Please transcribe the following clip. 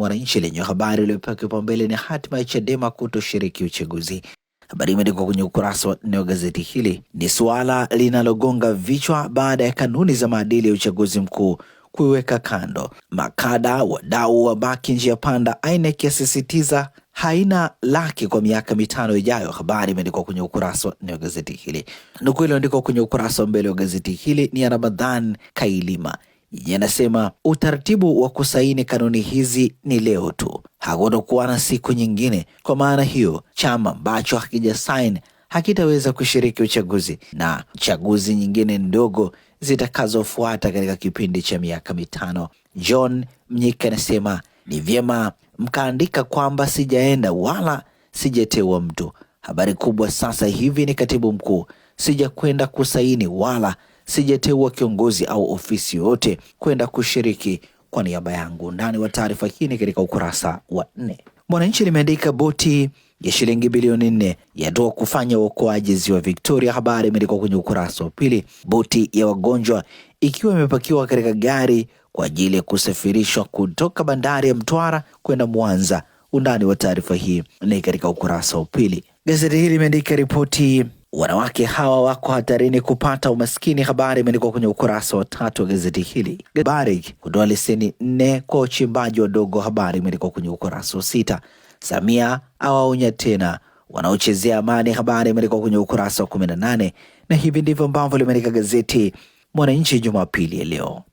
Mwananchi lenye habari iliyopewa kipaumbele ni hatima ya Chadema kutoshiriki uchaguzi. Habari imeandikwa kwenye ukurasa wa nne wa gazeti hili. Ni suala linalogonga vichwa baada ya kanuni za maadili ya uchaguzi mkuu kuiweka kando. Makada wadau wabaki njia panda, INEC yasisitiza haina laki kwa miaka mitano ijayo. Habari imeandikwa kwenye ukurasa wa nne wa gazeti hili. Nukuu iliyoandikwa kwenye ukurasa wa mbele wa gazeti hili ni ya Ramadhan Kailima yanasema utaratibu wa kusaini kanuni hizi ni leo tu, hakutokuwa na siku nyingine. Kwa maana hiyo, chama ambacho hakija sain hakitaweza kushiriki uchaguzi na chaguzi nyingine ndogo zitakazofuata katika kipindi cha miaka mitano. John Mnyika anasema ni vyema mkaandika kwamba sijaenda wala sijateua mtu. Habari kubwa sasa hivi ni katibu mkuu, sijakwenda kusaini wala sijateua kiongozi au ofisi yoyote kwenda kushiriki kwa niaba yangu. Ndani wa taarifa hii ni katika ukurasa wa nne. Mwananchi limeandika boti ya shilingi bilioni nne yatoa kufanya uokoaji ziwa Victoria. Habari imeandikwa kwenye ukurasa wa pili. Boti ya wagonjwa ikiwa imepakiwa katika gari kwa ajili ya kusafirishwa kutoka bandari ya Mtwara kwenda Mwanza. Undani wa taarifa hii ni katika ukurasa wa pili. Gazeti hili limeandika ripoti wanawake hawa wako hatarini kupata umaskini. Habari imeandikwa kwenye ukurasa wa tatu wa gazeti hili. Habari kutoa leseni nne kwa uchimbaji wadogo, habari imeandikwa kwenye ukurasa wa sita. Samia awaonya tena wanaochezea amani, habari imeandikwa kwenye ukurasa wa kumi na nane na hivi ndivyo ambavyo limeandika gazeti Mwananchi Jumapili ya leo.